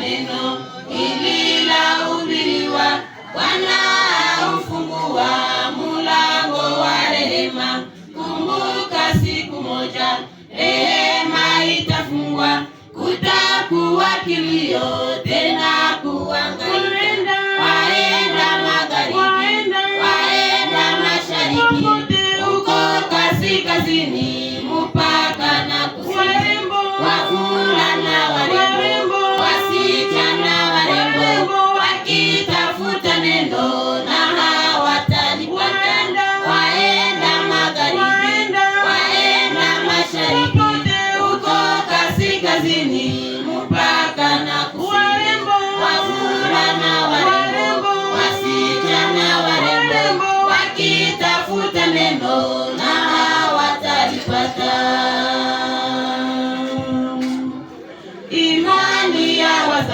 neno hili lahubiriwa, Bwana aufungua mlango wa rehema. Kumbuka siku moja rehema itafungwa, kutakuwa kilio tena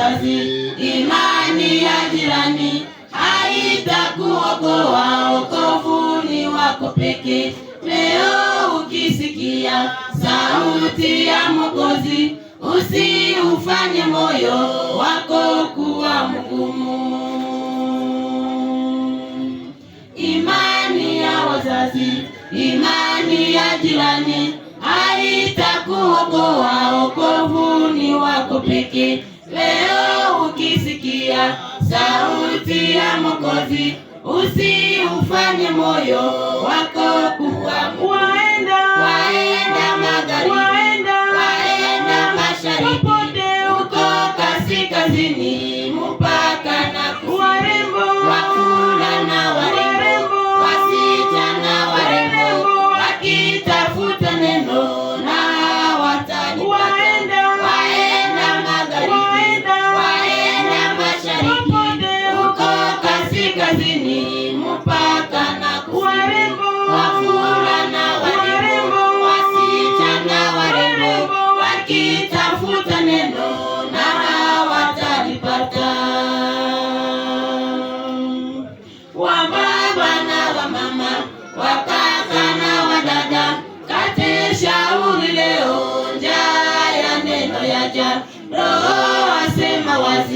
wazazi, imani ya jirani haitakuokoa, wokovu ni wako peke. Leo ukisikia sauti ya Mwokozi, usiufanye moyo wako kuwa mgumu. Imani ya wazazi, imani ya jirani haitakuokoa, wokovu ni wako peke. leo sauti ya Mwokozi, usiufanye moyo wako kuwa waenda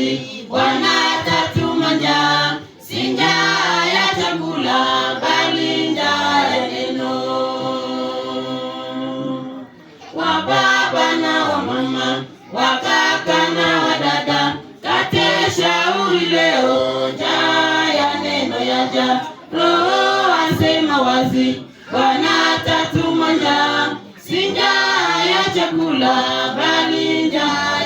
kazi, Bwana atatuma njaa, si njaa ya chakula, bali njaa ya neno. Wa baba na wa mama, wa kaka na wa dada, kate shauri leo, njaa ya neno yaja. Roho asema wazi, Bwana atatuma njaa, si njaa ya chakula, bali njaa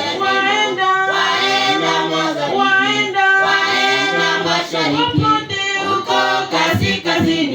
один